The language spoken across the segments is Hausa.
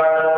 Thank you.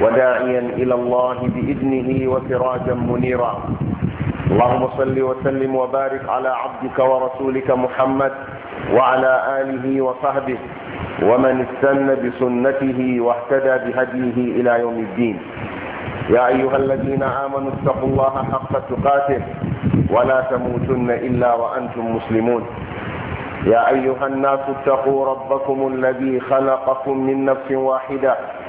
وداعيا إلى الله بإذنه وفراجا منيرا اللهم صل وسلم وبارك على عبدك ورسولك محمد وعلى آله وصحبه ومن استنى بسنته واهتدى بهديه إلى يوم الدين يا أيها الذين آمنوا اتقوا الله حق تقاته ولا تموتن إلا وأنتم مسلمون يا أيها الناس اتقوا ربكم الذي خلقكم من نفس واحدة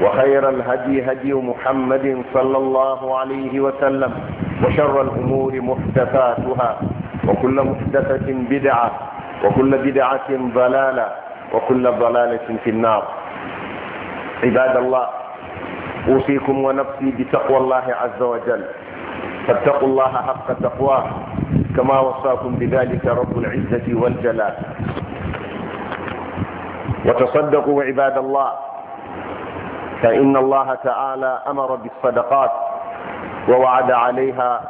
وخير الهدي هدي محمد صلى الله عليه وسلم وشر الأمور محدثاتها وكل محدثة بدعة وكل بدعة ضلالة وكل ضلالة في النار عباد الله أوصيكم ونفسي بتقوى الله عز وجل فاتقوا الله حق تقواه كما وصاكم بذلك رب العزة والجلال وتصدقوا عباد الله فإن الله تعالى أمر بالصدقات ووعد عليها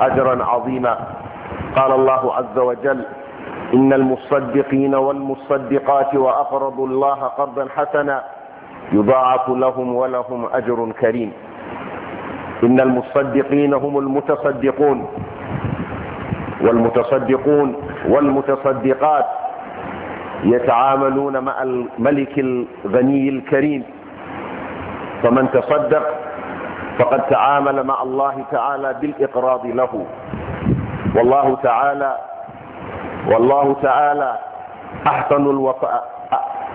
أجرا عظيما قال الله عز وجل إن المصدقين والمصدقات وأقرضوا الله قرضا حسنا يضاعف لهم ولهم أجر كريم إن المصدقين هم المتصدقون والمتصدقون والمتصدقات يتعاملون مع الملك الغني الكريم فمن تصدق فقد تعامل مع الله تعالى بالإقراض له والله تعالى والله تعالى أحسن الوفاء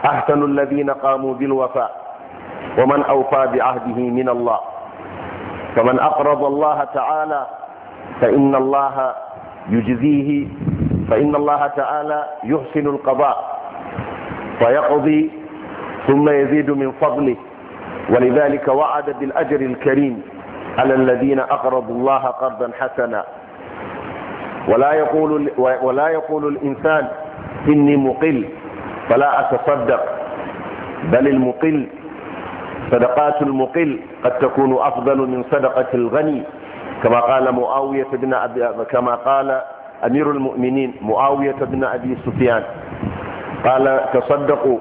أحسن الذين قاموا بالوفاء ومن أوفى بعهده من الله فمن أقرض الله تعالى فإن الله يجزيه فإن الله تعالى يحسن القضاء فيقضي ثم يزيد من فضله ولذلك وعد بالأجر الكريم على الذين أقرضوا الله قرضا حسنا ولا يقول ولا يقول الإنسان إني مقل فلا أتصدق بل المقل صدقات المقل قد تكون أفضل من صدقة الغني كما قال معاوية بن أبي كما قال أمير المؤمنين معاوية بن أبي سفيان قال تصدقوا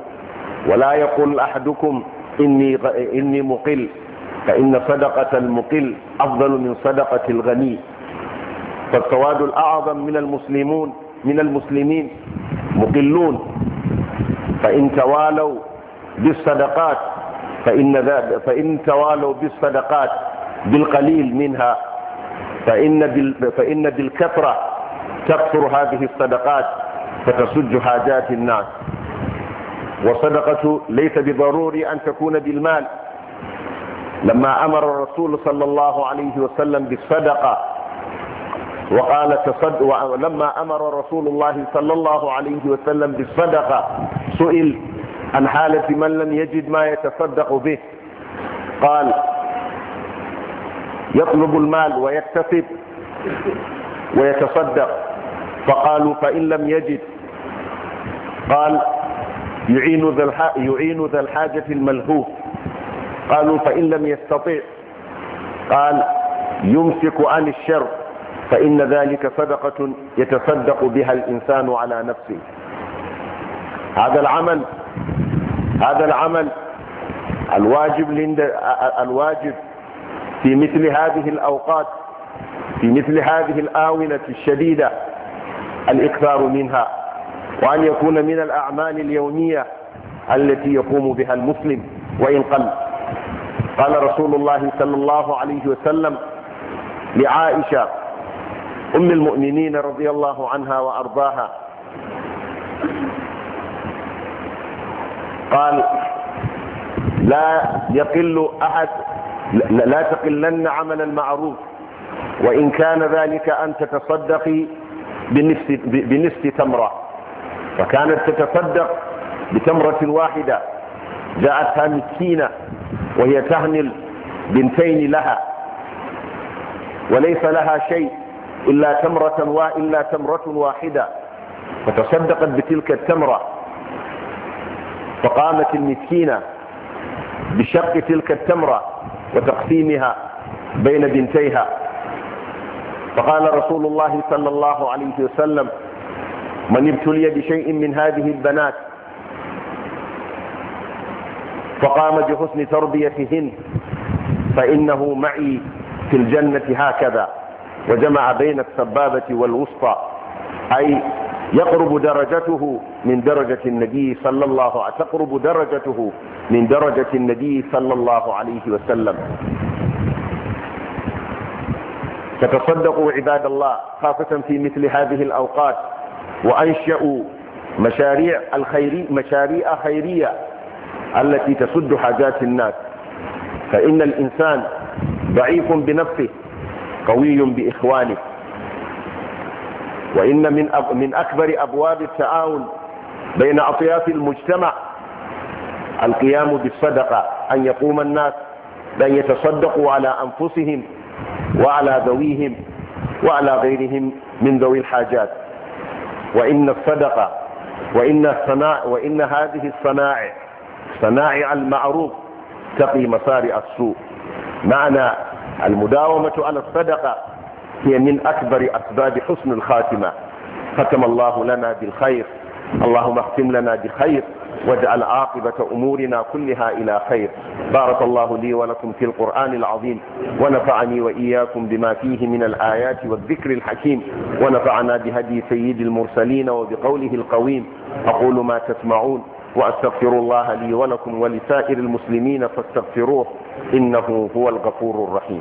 ولا يقول أحدكم إني, إني مقل فإن صدقة المقل أفضل من صدقة الغني فالسواد الأعظم من المسلمون من المسلمين مقلون فإن توالوا بالصدقات فإن, فإن توالوا بالصدقات بالقليل منها فإن, بال فإن بالكثرة تكثر هذه الصدقات فتسج حاجات الناس والصدقة ليس بضروري أن تكون بالمال لما أمر الرسول صلى الله عليه وسلم بالصدقة وقال تصد ولما أمر رسول الله صلى الله عليه وسلم بالصدقة سئل عن حالة من لم يجد ما يتصدق به قال يطلب المال ويكتسب ويتصدق فقالوا فإن لم يجد قال يعين ذا يعين ذا الحاجة الملهوف قالوا فإن لم يستطيع قال يمسك عن الشر فإن ذلك صدقة يتصدق بها الإنسان على نفسه هذا العمل هذا العمل الواجب الواجب في مثل هذه الأوقات في مثل هذه الآونة الشديدة الإكثار منها وأن يكون من الأعمال اليومية التي يقوم بها المسلم وإن قل قال رسول الله صلى الله عليه وسلم لعائشة أم المؤمنين رضي الله عنها وأرضاها قال لا يقل أحد لا تقلن عمل المعروف وإن كان ذلك أن تتصدقي بنصف تمره فكانت تتصدق بتمرة واحدة جاءتها مسكينة وهي تهني بنتين لها وليس لها شيء إلا تمرة وإلا تمرة واحدة فتصدقت بتلك التمرة فقامت المسكينة بشق تلك التمرة وتقسيمها بين بنتيها فقال رسول الله صلى الله عليه وسلم من ابتلي بشيء من هذه البنات فقام بحسن تربيتهن فإنه معي في الجنة هكذا وجمع بين السبابة والوسطى أي يقرب درجته من درجة النبي صلى الله عليه تقرب درجته من درجة النبي صلى الله عليه وسلم تتصدقوا عباد الله خاصة في مثل هذه الأوقات وأنشأوا مشاريع, الخيري مشاريع خيرية التي تسد حاجات الناس فإن الإنسان ضعيف بنفسه قوي بإخوانه وإن من من أكبر أبواب التعاون بين أطياف المجتمع القيام بالصدقة أن يقوم الناس بأن يتصدقوا على أنفسهم وعلى ذويهم وعلى غيرهم من ذوي الحاجات وإن الصدقة وإن, الصناع وإن هذه الصناعع صناع المعروف تقي مصارع السوء معنى المداومة على الصدقة هي من أكبر أسباب حسن الخاتمة ختم الله لنا بالخير اللهم اختم لنا بخير واجعل عاقبة أمورنا كلها إلى خير بارك الله لي ولكم في القرآن العظيم ونفعني وإياكم بما فيه من الآيات والذكر الحكيم ونفعنا بهدي سيد المرسلين وبقوله القويم أقول ما تسمعون وأستغفر الله لي ولكم ولسائر المسلمين فاستغفروه إنه هو الغفور الرحيم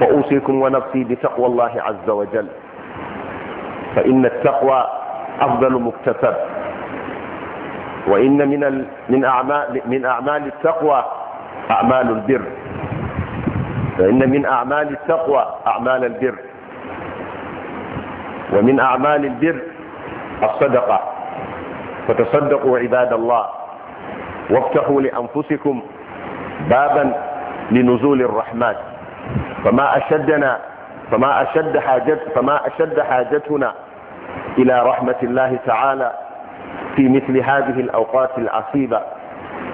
فأوصيكم ونفسي بتقوى الله عز وجل فإن التقوى أفضل مكتسب وإن من من أعمال من أعمال التقوى أعمال البر فإن من أعمال التقوى أعمال البر ومن أعمال البر الصدقة فتصدقوا عباد الله وافتحوا لأنفسكم بابا لنزول الرحمات فما أشدنا فما أشد حاجت فما أشد حاجتنا إلى رحمة الله تعالى في مثل هذه الأوقات العصيبة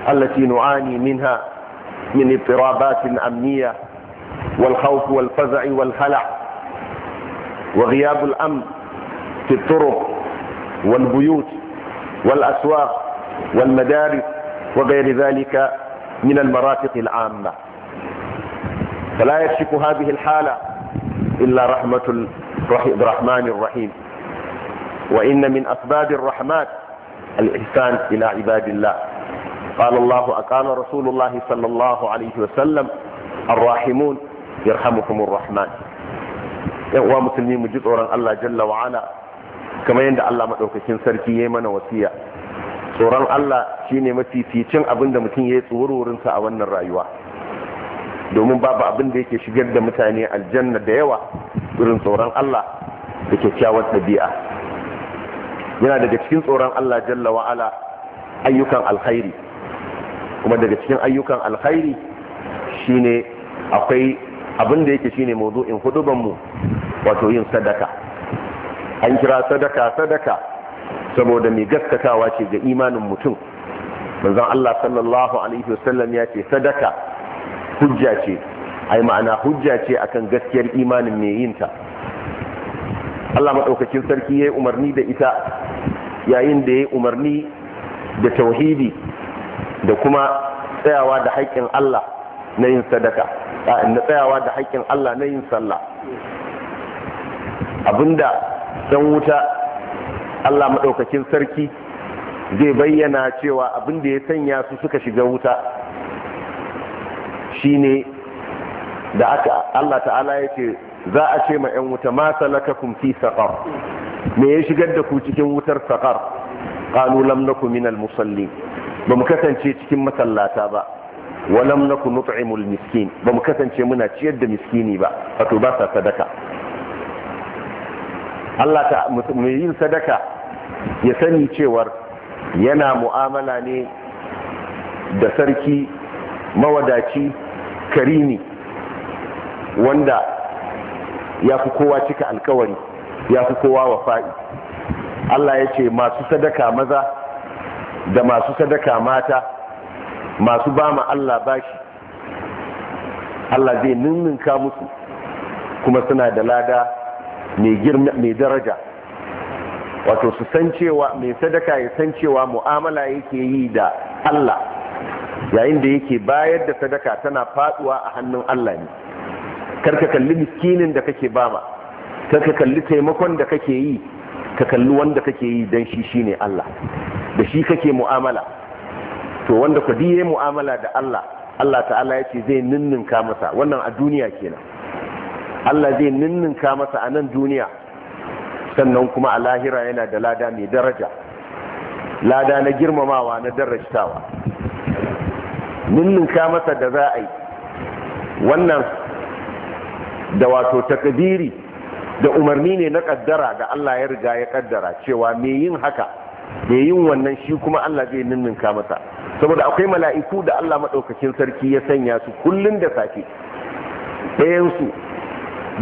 التي نعاني منها من اضطرابات أمنية والخوف والفزع والهلع وغياب الأمن في الطرق والبيوت والأسواق والمدارس وغير ذلك من المرافق العامة فلا يكشف هذه الحالة إلا رحمة الرحمن الرحيم وإن من أسباب الرحمات الإحسان إلى عباد الله قال الله أقام رسول الله صلى الله عليه وسلم الراحمون يرحمكم الرحمن يقوى مسلمين مجد الله جل وعلا كما يند الله مدوكين سركي يمن وسيا سوران الله شيني مسي في da mutum ya yi tsorurinsa a wannan domin babu abin da yake shigar da mutane aljanna da yawa irin tsoron Allah da kyakkyawar ɗabi'a yana daga cikin tsoron Allah jalla wa'ala ayyukan alkhairi kuma daga cikin ayyukan alkhairi shine akwai abin da yake shine mawdu'in hudubanmu wato yin sadaka an kira sadaka sadaka saboda mai gaskatawa ce ga imanin mutum manzon Allah sallallahu alaihi wasallam ya ce sadaka hujja ce ai ma'ana hujja ce akan gaskiyar imanin mai yin ta Allah maɗaukakin sarki ya yi umarni da ita yayin da ya umarni da tauhidi da kuma tsayawa da haƙƙin Allah na yin sadaka na tsayawa da haƙƙin Allah na yin sallah abinda dan wuta Allah maɗaukakin sarki zai bayyana cewa abin da ya sanya su suka shiga wuta shine da aka Allah ta'ala yake za a ce ma 'yan wuta ma salakakum fi saƙar, me ya shigar da ku cikin wutar saƙar? Ƙanu lamnaku minal minal ba bamu kasance cikin masallata ba wa lamnaku nakum nut'imul miskin bamu kasance muna ciyar da miskini ba wato ba sa sadaka Allah ta mai yin sadaka ya sani cewar yana mu'amala ne da sarki mawadaci karimi wanda ya fi kowa cika alkawari ya fi kowa wa fa’i Allah ya ce masu sadaka maza da masu sadaka mata masu ba ma Allah bashi Allah zai ninninka musu kuma suna da lada mai daraja wato su san cewa mai sadaka ya san cewa mu'amala yake yi da Allah yayin da yake bayar da sadaka tana faduwa a hannun Allah ne karka kalli miskinin da kake bama karka kalli taimakon da kake yi ka kalli wanda kake yi dan shi shine Allah da shi kake mu'amala to wanda ku diye mu'amala da Allah Allah ta'ala ya zai ninninka masa wannan a duniya kenan Allah zai ninninka masa a nan duniya sannan kuma a lahira yana da lada mai daraja lada na girmamawa na darajtawa ninninka masa da za a yi wannan da wato takadiri da umarni ne na kaddara da Allah ya riga ya kaddara cewa me yin haka me yin wannan shi kuma Allah zai ninninka masa saboda akwai mala'iku da Allah maɗaukakin sarki ya sanya su kullum da safe ɗayansu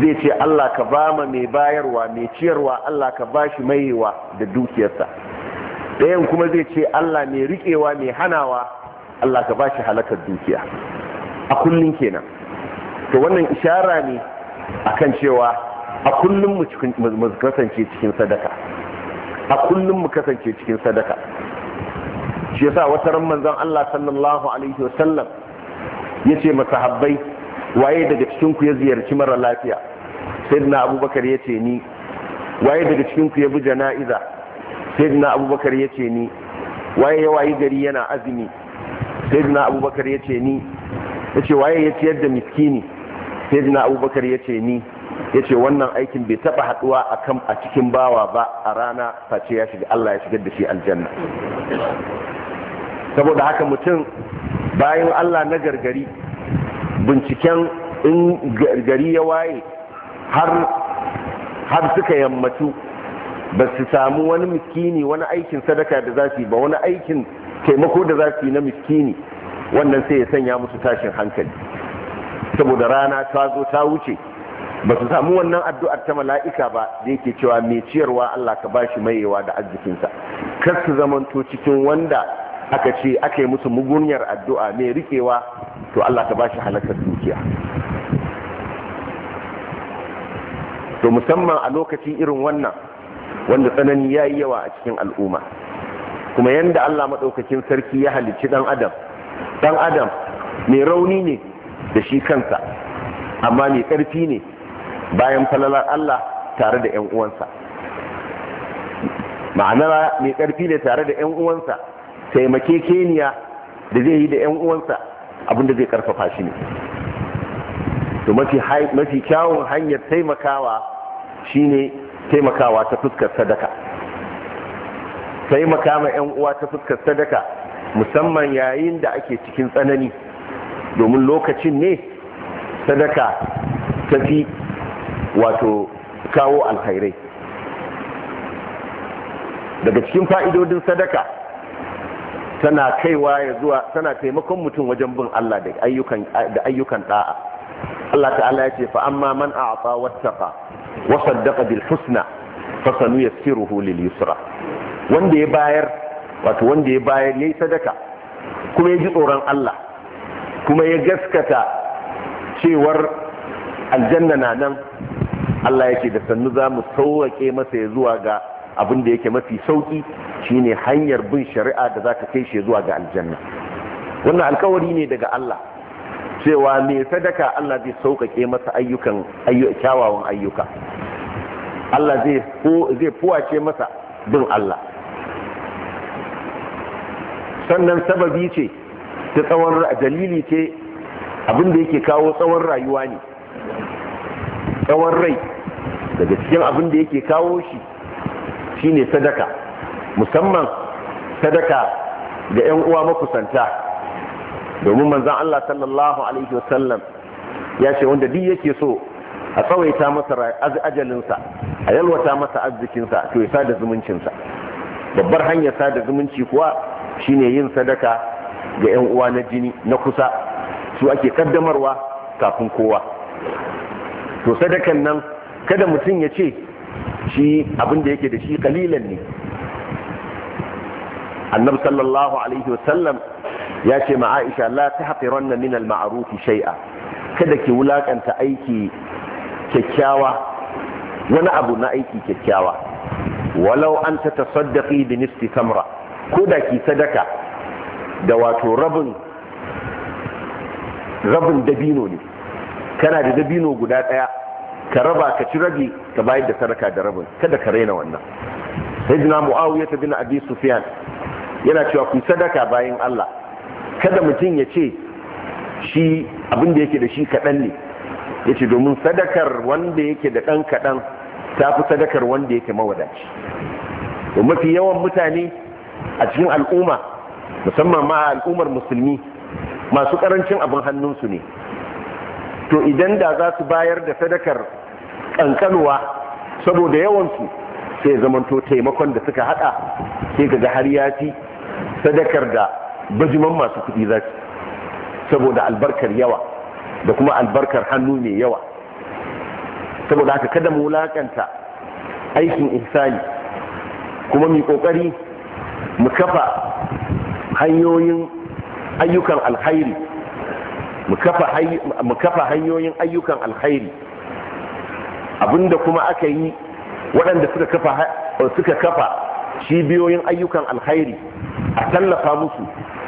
zai ce Allah ka ba ma mai bayarwa mai ciyarwa Allah ka ba shi mayewa da dukiyarsa ɗayan kuma zai ce Allah mai rikewa mai hanawa Allah ka bashi halakar dukiya a kullum kenan to wannan ishara ne akan cewa a kullum mu kasance cikin sadaka a kullum mu kasance cikin sadaka shi yasa wata ran manzon Allah sallallahu alaihi wasallam yace Habbai waye daga cikin ku ya ziyarci mara lafiya sayyidina abubakar yace ni waye daga cikin ku ya bi jana'iza sayyidina abubakar yace ni waye ya wayi gari yana azumi sayyidina abubakar ya ce ni ya ce waye ya ciyar da miskini sayyidina abubakar ya ce ni ya ce wannan aikin bai taba haduwa a kan a cikin bawa ba a rana face ya shiga Allah ya shigar da shi aljanna saboda haka mutum bayan Allah na gargari binciken in gargari ya waye har suka yammatu ba su samu wani miskini wani aikin sadaka da za su yi ba wani aikin taimako da za su yi na miskini wannan sai ya sanya musu tashin hankali saboda rana ta zo ta wuce ba su samu wannan addu'ar ta mala'ika ba da yake cewa mai ciyarwa Allah ka bashi mayewa da arzikinsa kar su zamanto cikin wanda aka ce aka yi musu mugunyar addu'a mai rikewa to Allah ka bashi halakar dukiya to musamman a lokacin irin wannan wanda tsanani ya yi yawa a cikin al'umma kuma yadda Allah maɗaukakin sarki ya halicci ɗan adam ɗan adam mai rauni ne da shi kansa amma mai ƙarfi ne bayan falalar Allah tare da 'yan uwansa ma'anar mai ƙarfi ne tare da 'yan uwansa taimakekeniya da zai yi da 'yan uwansa abinda zai ƙarfafa shi ne to mafi kyawun hanyar taimakawa shine taimakawa ta fuskar sadaka taimaka ma 'yan uwa ta fuskar sadaka musamman yayin da ake cikin tsanani domin lokacin ne sadaka ta fi wato kawo alhairai daga cikin fa'idodin sadaka tana kaiwa ya zuwa tana taimakon mutum wajen bin Allah da ayyukan ɗa'a Allah ta'ala ya ce fa'amma man a wata wasaddaka bil husna fasanu ya siruhu lil yusra wanda ya bayar wato wanda ya bayar ya yi sadaka kuma ya ji tsoron Allah kuma ya gaskata cewar aljanna na nan Allah yake da sannu za mu sauwake masa ya zuwa ga abin da yake mafi sauki shine hanyar bin shari'a da za ka kai shi zuwa ga aljanna wannan alkawari ne daga Allah cewa mai sadaka Allah zai sauƙaƙe masa ayyukan kyawawan ayyuka Allah zai fuwace masa bin Allah sannan sababi ce ta tsawon dalili ce abin da yake kawo tsawon rayuwa ne tsawon rai daga cikin abin da yake kawo shi shine sadaka musamman sadaka ga 'yan uwa makusanta domin manzan Allah sallallahu alaihi wasallam ya ce wanda duk yake so a tsawaita masa ajalinsa a yalwata masa arzikinsa to ya sada zumuncinsa babbar hanyar sada zumunci kuwa shine yin sadaka ga yan uwa na jini na kusa su ake kaddamarwa kafin kowa to sadakan nan kada mutum ya ce shi abin da yake da shi kalilan ne annabi sallallahu alaihi wasallam ya ce ma aisha la ranar min al-ma'ruf shai'a kada ki wulaƙanta aiki kyakkyawa wani abu na aiki kyakkyawa walau an ta tasaddaƙi da nisti samra ko da ki sadaka da wato rabin dabino ne kana da dabino guda daya ka raba ka ci rabi ka bayar da sadaka da rabin kada ka raina wannan sayyidina muawiya bin abi sufyan yana cewa ku sadaka bayan Allah kada mutum ya ce shi abin da yake da shi kaɗan ne yace domin sadakar wanda yake da ɗan kaɗan ta fi sadakar wanda yake mawadaci mafi yawan mutane a cikin al'umma musamman ma a al'ummar musulmi masu karancin abin hannunsu ne to idan da za su bayar da sadakar kankanuwa saboda yawansu sai zamanto taimakon da suka hada sai ga har yafi sadakar da bajiman masu kuɗi za su, saboda albarkar yawa da kuma albarkar hannu mai yawa saboda haka kada mu wulaƙanta aikin ihsani kuma mai kokari mu kafa hanyoyin ayyukan alkhairi mu kafa hanyoyin ayyukan alkhairi abinda kuma aka yi waɗanda suka kafa kafa cibiyoyin ayyukan alkhairi a tallafa musu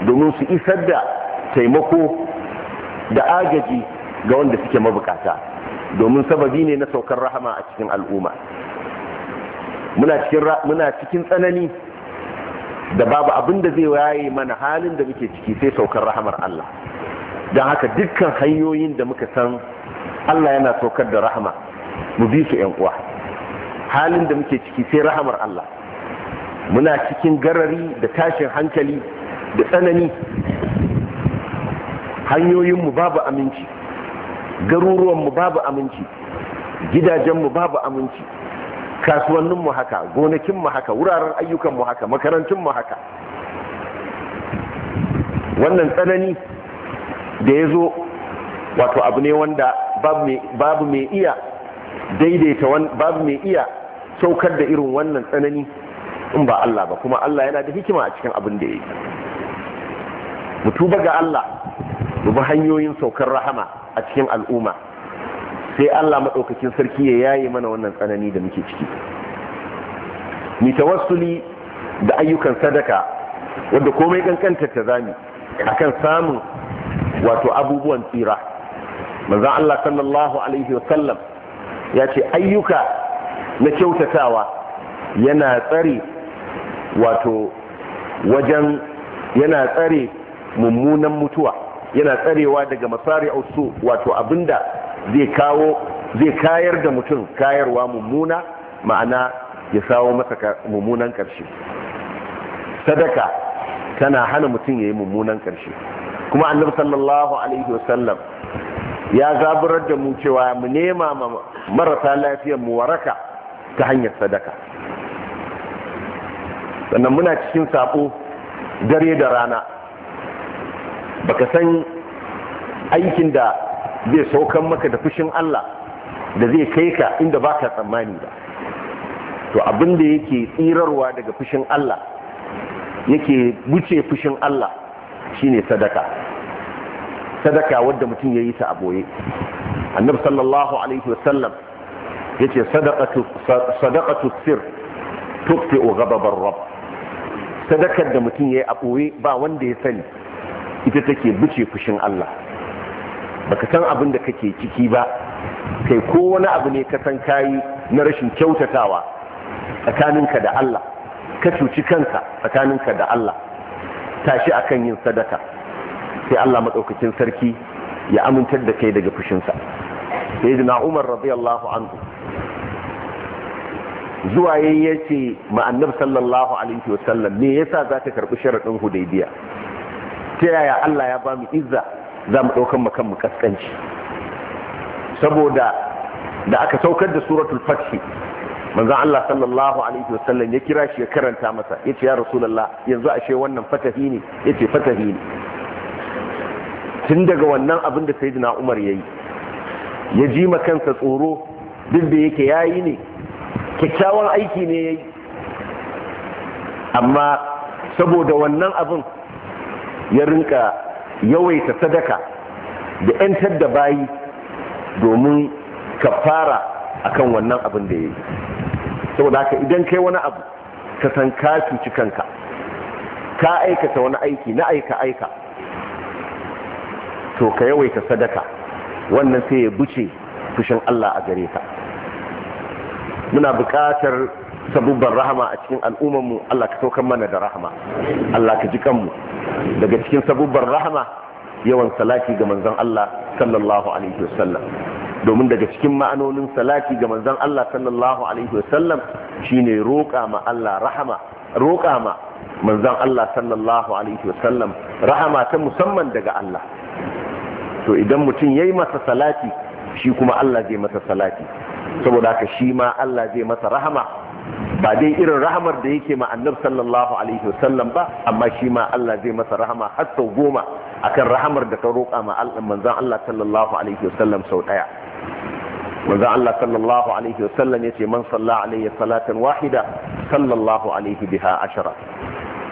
domin su isar da taimako da agaji ga wanda suke mabukata domin sababi ne na saukar rahama a cikin al'umma muna cikin tsanani da babu abin da zai waye mana halin da muke ciki sai saukar rahamar Allah don haka dukkan hanyoyin da muka san Allah yana saukar da rahama mu bi su uwa halin da muke ciki sai rahamar Allah muna cikin garari da tashin hankali da tsanani hanyoyinmu babu aminci garuruwanmu babu aminci gidajenmu babu aminci kasuwannin mu haka gonakin mu haka wuraren ayyukan mu haka makarantun mu haka wannan tsanani da ya zo wato abu ne wanda babu mai iya daidaita babu mai iya saukar da irin wannan tsanani in ba Allah ba kuma Allah yana da hikima a cikin abin da ya yi mu tuba ga Allah mu hanyoyin saukar rahama a cikin al'umma sai Allah maɗaukakin sarki ya yaye mana wannan tsanani da muke ciki mi tawassuli da ayyukan sadaka wanda komai ƙanƙantar ta zami a kan samun wato abubuwan tsira maza Allah sallallahu alaihi wasallam ya ce ayyuka na kyautatawa yana tsare wato wajen yana tsare mummunan mutuwa yana tsarewa daga masari'ar su wato abinda zai kayar da mutum kayarwa mummuna ma'ana ya sawo masa mummunan ƙarshe sadaka tana hana mutum ya yi mummunan ƙarshe kuma annabi sallallahu alaihi wasallam ya zaburar da mu cewa mu nema marasa lafiyar mu waraka ta hanyar sadaka sannan muna cikin sabo dare da rana baka san aikin da zai saukan maka da fushin Allah da zai kai ka inda ba ka tsammani ba to abin da yake tsirarwa daga fushin Allah yake wuce fushin Allah shine sadaka sadaka wadda mutum ya yi ta a boye annabi sallallahu alaihi wasallam ya ce sadakatu sir tukti o gababar rab sadakar da mutum ya yi a boye ba wanda ya sani ita take buce fushin Allah baka san abin da kake ciki ba kai ko wani abu ne ka san kayi na rashin kyautatawa tsakaninka da Allah ka cuci kanka tsakaninka da Allah tashi akan yin sadaka sai Allah madaukakin sarki ya amintar da kai daga fushinsa sayyidina Umar radiyallahu anhu zuwa yayin yace ma annabi sallallahu alaihi wasallam me yasa zaka karbi sharadin hudaybiya ta yaya Allah ya ba mu izza za mu ɗaukan makan mu saboda da aka saukar da suratul fathi manzan Allah sallallahu alaihi wasallam ya kira shi ya karanta masa yace ya rasulallah, yanzu ashe wannan fatahi ne ce fatahi ne tun daga wannan abin da sayyidina Umar yi, ya ji kansa tsoro duk da yake yi ne kyakkyawan aiki ne ya yi, amma saboda wannan abin ya rinka yawaita sadaka da 'yantar da bayi domin ka fara a kan wannan abin da ya yi saboda haka idan kai wani abu ka san ka cuci kanka ka aikata wani aiki na aika-aika to ka yawaita sadaka wannan sai ya buce fushin Allah a gare ka muna buƙatar sabubban rahama a cikin al'ummarmu Allah ka saukan mana da rahama Allah ka ji kanmu daga cikin sabubban rahama yawan salati ga manzon Allah sallallahu alaihi wasallam domin daga cikin ma'anonin salati ga manzon Allah sallallahu alaihi wasallam shine roƙa ma Allah rahama roƙa ma manzon Allah sallallahu alaihi wasallam rahama ta musamman daga Allah to idan mutum yayi masa salati shi kuma Allah zai masa salati saboda haka shi ma Allah zai masa rahama ba dai irin rahamar da yake ma annab sallallahu alaihi wasallam ba amma shi ma Allah zai masa rahama har sau goma akan rahamar da ka roƙa ma manzon Allah sallallahu alaihi wasallam sau daya manzon Allah sallallahu alaihi wasallam yace man salla alayya salatan wahida sallallahu alaihi biha ashara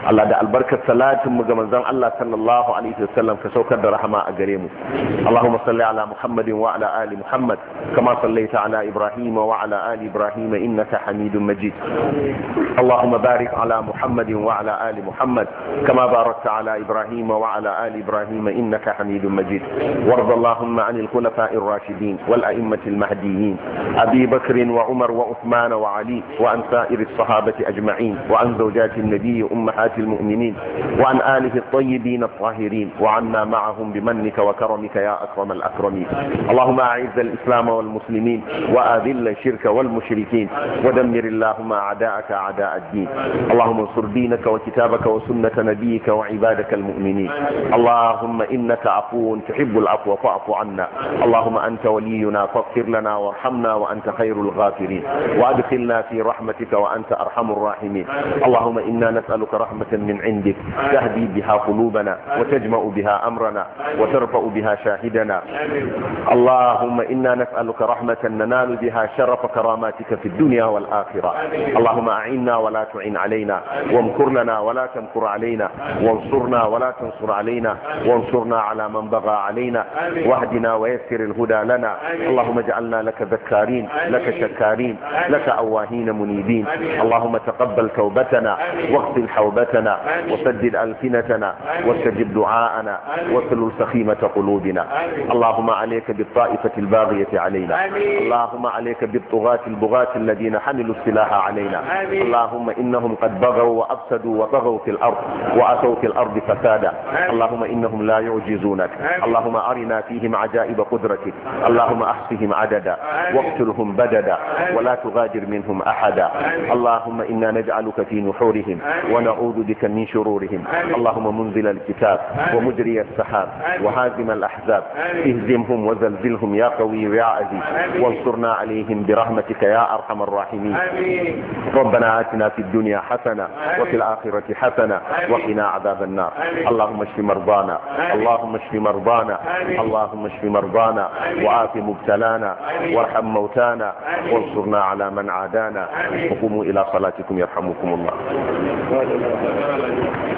Allah da albarkar salatin mu ga manzon Allah sallallahu alaihi wasallam ka saukar da rahama a gare mu Allahumma salli ala Muhammadin wa ala ali Muhammad kama sallaita ala Ibrahim wa ala ali Ibrahim innaka Hamidum Majid Allahumma barik ala Muhammadin wa ala ali Muhammad kama barakta ala Ibrahim wa ala ali Ibrahim innaka Hamidum Majid warḍa Allahumma khulafa'ir rashidin wal وارض اللهم عن الخلفاء الراشدين والأئمة المهديين أبي بكر وعمر وعثمان as-sahabati ajma'in wa an zawjati an النبي ummat المؤمنين وعن آله الطيبين الطاهرين وعنا معهم بمنك وكرمك يا أكرم الأكرمين اللهم أعز الإسلام والمسلمين وأذل الشرك والمشركين ودمر اللهم أعداءك أعداء الدين اللهم انصر دينك وكتابك وسنة نبيك وعبادك المؤمنين اللهم إنك عفو تحب العفو فاعف عنا اللهم أنت ولينا فاغفر لنا وارحمنا وأنت خير الغافرين وأدخلنا في رحمتك وأنت أرحم الراحمين اللهم إنا نسألك رحمة رحمة من عندك تهدي بها قلوبنا وتجمع بها أمرنا وترفع بها شاهدنا اللهم إنا نسألك رحمة ننال بها شرف كراماتك في الدنيا والآخرة اللهم أعنا ولا تعن علينا وامكر لنا ولا تمكر علينا وانصرنا ولا تنصر علينا وانصرنا على من بغى علينا واهدنا ويسر الهدى لنا اللهم اجعلنا لك ذكارين لك شكارين لك أواهين منيبين اللهم تقبل توبتنا واغفر حوبتنا ألسنتنا وسدد ألسنتنا واستجب دعاءنا واسلل سخيمة قلوبنا اللهم عليك بالطائفة الباغية علينا اللهم عليك بالطغاة البغاة الذين حملوا السلاح علينا اللهم إنهم قد بغوا وأفسدوا وطغوا في الأرض وأتوا في الأرض فسادا اللهم إنهم لا يعجزونك اللهم أرنا فيهم عجائب قدرتك اللهم أحصهم عددا واقتلهم بددا ولا تغادر منهم أحدا اللهم إنا نجعلك في نحورهم ونعوذ بك من شرورهم اللهم منزل الكتاب ومجري السحاب وهازم الأحزاب اهزمهم وزلزلهم يا قوي يا عزيز وانصرنا عليهم برحمتك يا أرحم الراحمين ربنا آتنا في الدنيا حسنة وفي الآخرة حسنة وقنا عذاب النار اللهم اشف مرضانا اللهم اشف مرضانا اللهم اشف مرضانا وعاف مبتلانا وارحم موتانا وانصرنا على من عادانا وقوموا إلى صلاتكم يرحمكم الله Gracias.